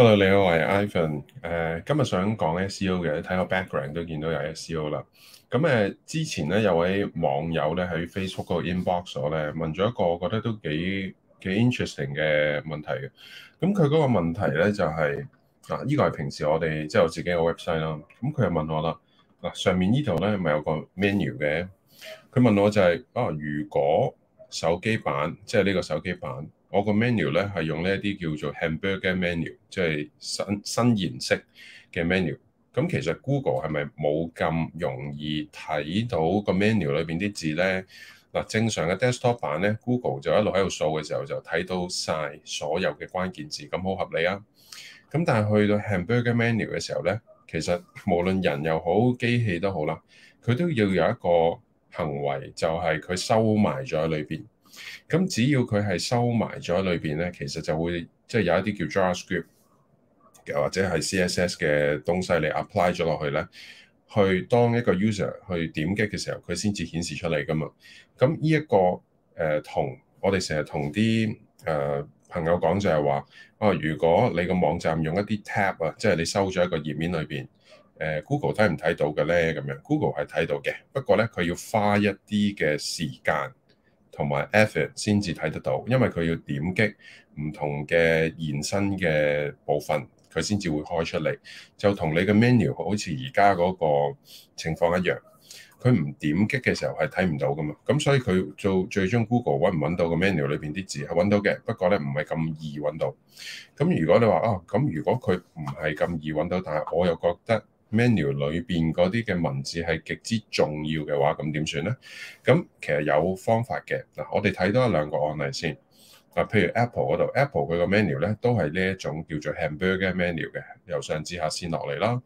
Hello，你好、uh,，我係 Ivan，誒，今日想講 SEO 嘅，睇我 background 都見到有 SEO 啦，咁誒，之前咧有位網友咧喺 Facebook 個 inbox 我咧問咗一個我覺得都幾幾 interesting 嘅問題嘅，咁佢嗰個問題咧就係、是，嗱、啊，呢、這個係平時我哋即係我自己個 website 啦，咁佢又問我啦，嗱、啊，上面呢度咧係咪有個 menu 嘅，佢問我就係、是，哦、啊，如果手機版，即係呢個手機版。我個 menu 咧係用呢一啲叫做 hamburger menu，即係新新形式嘅 menu。咁、嗯、其實 Google 係咪冇咁容易睇到個 menu 裏邊啲字咧？嗱、嗯，正常嘅 desktop 版咧，Google 就一路喺度掃嘅時候就睇到晒所有嘅關鍵字，咁好合理啊。咁、嗯、但係去到 hamburger menu 嘅時候咧，其實無論人又好機器都好啦，佢都要有一個行為，就係佢收埋咗喺裏邊。咁只要佢係收埋咗裏邊咧，其實就會即係、就是、有一啲叫 JavaScript 或者係 CSS 嘅東西你 apply 咗落去咧，去當一個 user 去點擊嘅時候，佢先至顯示出嚟噶嘛。咁呢、這個呃、一個誒同我哋成日同啲誒朋友講就係話，哦、呃，如果你個網站用一啲 tab 啊，即係你收咗一個頁面裏邊，誒、呃、Google 睇唔睇到嘅咧？咁樣 Google 係睇到嘅，不過咧佢要花一啲嘅時間。同埋 effort 先至睇得到，因為佢要點擊唔同嘅延伸嘅部分，佢先至會開出嚟。就同你嘅 menu 好似而家嗰個情況一樣，佢唔點擊嘅時候係睇唔到噶嘛。咁所以佢做最終 Google 揾唔揾到個 menu 裏邊啲字係揾到嘅，不過咧唔係咁易揾到。咁如果你話啊，咁、哦、如果佢唔係咁易揾到，但係我又覺得 manual 裏邊嗰啲嘅文字係極之重要嘅話，咁點算咧？咁其實有方法嘅嗱，我哋睇多一兩個案例先。譬如 App Apple 嗰度，Apple 佢個 menu 咧都係呢一種叫做 Hamburger menu 嘅，由上至下先落嚟啦。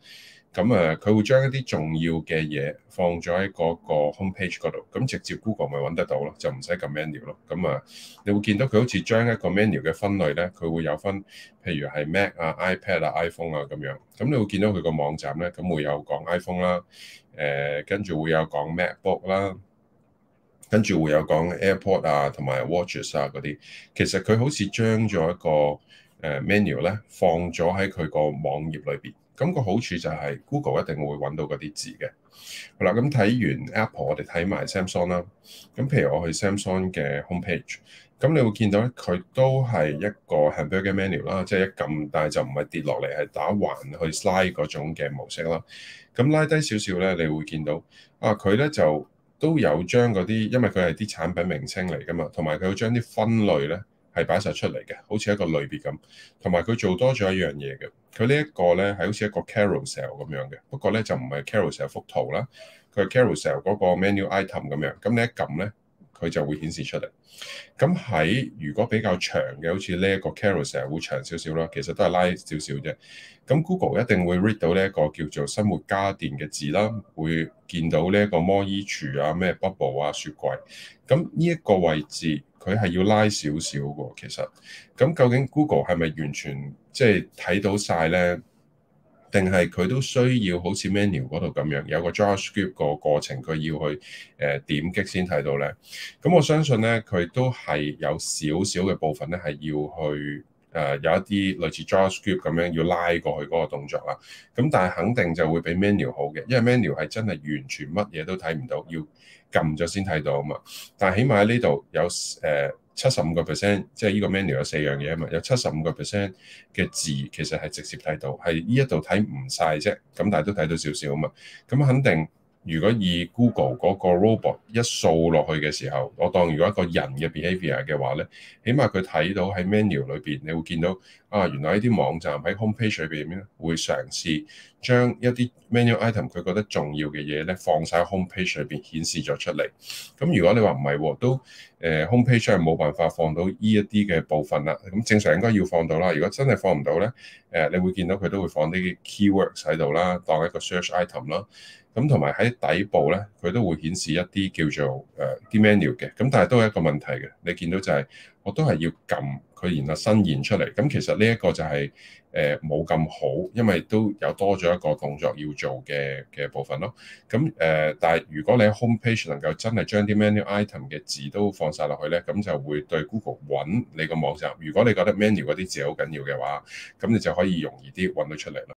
咁啊，佢會將一啲重要嘅嘢放咗喺嗰個 home page 嗰度，咁直接 Google 咪揾得到咯，就唔使撳 menu 咯。咁啊，你會見到佢好似將一個 menu 嘅分類咧，佢會有分，譬如係 Mac 啊、iPad 啊、iPhone 啊咁樣。咁你會見到佢個網站咧，咁會有講 iPhone 啦，誒、呃，跟住會有講 MacBook 啦。跟住會有講 AirPods 啊，同埋 watches 啊嗰啲，其實佢好似將咗一個誒 menu 咧，放咗喺佢個網頁裏邊。咁個好處就係 Google 一定會揾到嗰啲字嘅。好啦，咁睇完 Apple，我哋睇埋 Samsung 啦。咁譬如我去 Samsung 嘅 homepage，咁你會見到咧，佢都係一個 hamburger menu 啦，即係一撳，但係就唔係跌落嚟，係打橫去 slide 嗰種嘅模式啦。咁拉低少少咧，你會見到啊，佢咧就。都有將嗰啲，因為佢係啲產品名稱嚟㗎嘛，同埋佢會將啲分類咧係擺晒出嚟嘅，好似一個類別咁。同埋佢做多咗一樣嘢嘅，佢呢一個咧係好似一個 carousel 咁樣嘅，不過咧就唔係 carousel 幅圖啦，佢係 carousel 嗰個 menu item 咁樣。咁你一撳咧？佢就會顯示出嚟。咁喺如果比較長嘅，好似呢一個 Carousel 會長少少啦，其實都係拉少少啫。咁 Google 一定會 read 到呢一個叫做生活家電嘅字啦，會見到呢一個摩爾廚啊、咩 Bubble 啊、雪櫃。咁呢一個位置佢係要拉少少喎，其實。咁究竟 Google 係咪完全即係睇到晒咧？定係佢都需要好似 menu 嗰度咁樣，有個 JavaScript 個過程，佢要去誒點擊先睇到呢。咁我相信呢，佢都係有少少嘅部分呢，係要去誒、呃、有一啲類似 JavaScript 咁樣要拉過去嗰個動作啦。咁但係肯定就會比 menu 好嘅，因為 menu 係真係完全乜嘢都睇唔到，要。撳咗先睇到啊嘛，但係起碼喺呢度有誒七十五個 percent，即係呢個 menu 有四樣嘢啊嘛，有七十五個 percent 嘅字其實係直接睇到，係呢一度睇唔晒啫，咁但係都睇到少少啊嘛，咁肯定如果以 Google 嗰個 robot 一掃落去嘅時候，我當如果一個人嘅 behavior 嘅話咧，起碼佢睇到喺 menu 裏邊，你會見到。啊，原來呢啲網站喺 home page 裏邊會嘗試將一啲 menu item 佢覺得重要嘅嘢咧放晒 home page 裏邊顯示咗出嚟。咁如果你話唔係喎，都誒、呃、home page 係冇辦法放到呢一啲嘅部分啦。咁正常應該要放到啦。如果真係放唔到咧，誒、呃、你會見到佢都會放啲 keywords 喺度啦，當一個 search item 啦。咁同埋喺底部咧，佢都會顯示一啲叫做誒啲 menu 嘅。咁、呃、但係都係一個問題嘅，你見到就係、是。我都係要撳佢然後伸現出嚟，咁其實呢一個就係誒冇咁好，因為都有多咗一個動作要做嘅嘅部分咯。咁誒、呃，但係如果你喺 home page 能夠真係將啲 menu item 嘅字都放晒落去咧，咁就會對 Google 揾你個網站。如果你覺得 menu 嗰啲字好緊要嘅話，咁你就可以容易啲揾到出嚟咯。